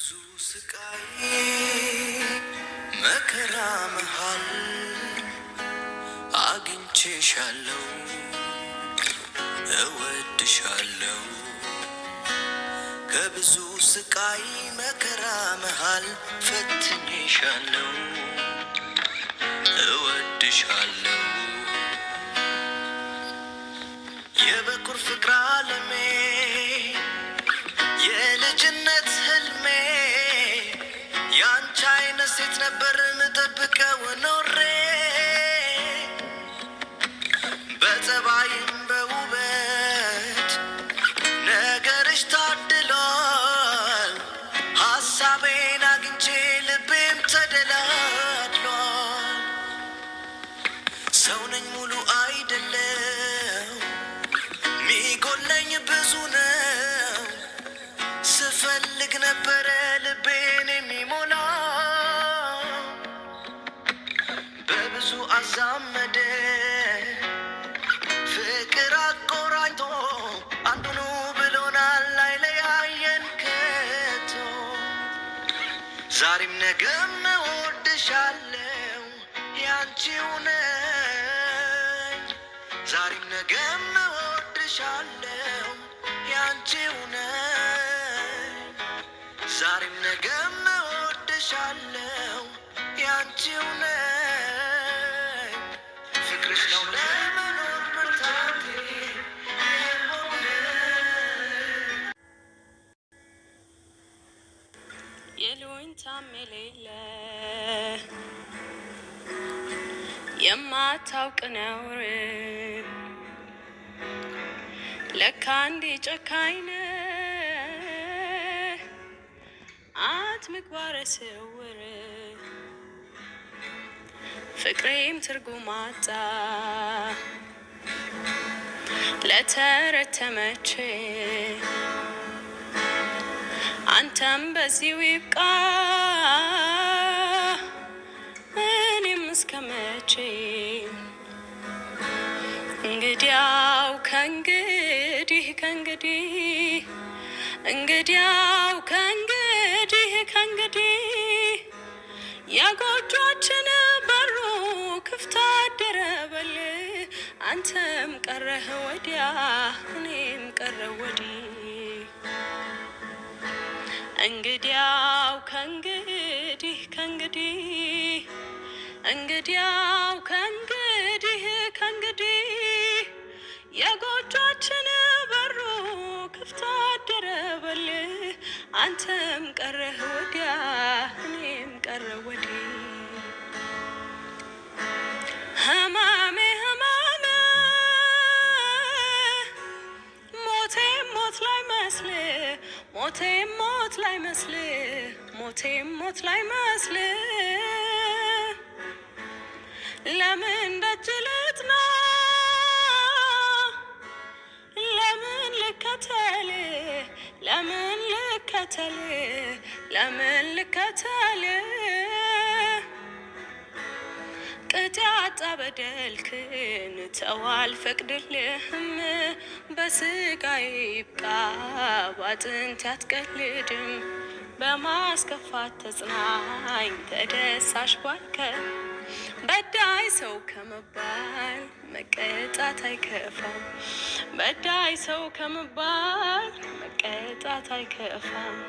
ብዙ ስቃይ መከራ መሃል አግኝቼሻለው፣ እወድሻለው። ከብዙ ስቃይ መከራ መሃል ፈትኜሻለው፣ እወድሻለው። የበኩር ፍቅር አለሜ የልጅነት በጸባይም በውበት ነገርሽ ታድሏል። ሀሳቤን አግኝቼ ልቤም ተደላድሏል። ሰው ነኝ ሙሉ አይደለም፣ ሚጎለኝ ብዙ ነው። ስፈልግ ነበረ ልቤን የሚሞላ በብዙ አዛመ ዛሬም ነገም እወድሻለሁ ያንቺው ነኝ። ዛሬም ነገም እወድሻለሁ ያንቺው ነኝ። ዛሬም ነገም እወድሻለሁ ያንቺው ነኝ። የምታምሌለ የማታውቅ ነውር ለካ እንዴ ጨካኝ ነህ አትምግባረ ስውር ፍቅሬም ትርጉም አጣ ለተረተመች አንተም በዚሁ ይብቃ። እኔም እስከ መቼ እንግዲያው ከእንግዲህ ከእንግዲህ እንግዲያው ከእንግዲህ ከእንግዲህ የጎጆችን በሩ ክፍት አደረበል አንተም ቀረህ ወዲያ እኔም ቀረህ ወዲህ እንግዲያው ከእንግዲህ ከእንግዲህ እንግዲያው ከእንግዲህ መስል ሞቴ ሞት ላይ መስል ሞቴ ሞት ላይ መስል ለምን ደጅለት ነው ለምን ልከተል ለምን ልከተል ለምን ልከተል ላጣ በደልክን ተው አልፈቅድልህም። በስጋዬ ይብቃ ባጥንት አትቀልድም። በማስከፋት ተጽናኝ ተደሳሽ ባልከን በዳይ ሰው ከመባል መቀጣት አይከፋም። በዳይ ሰው ከመባል መቀጣት አይከፋም።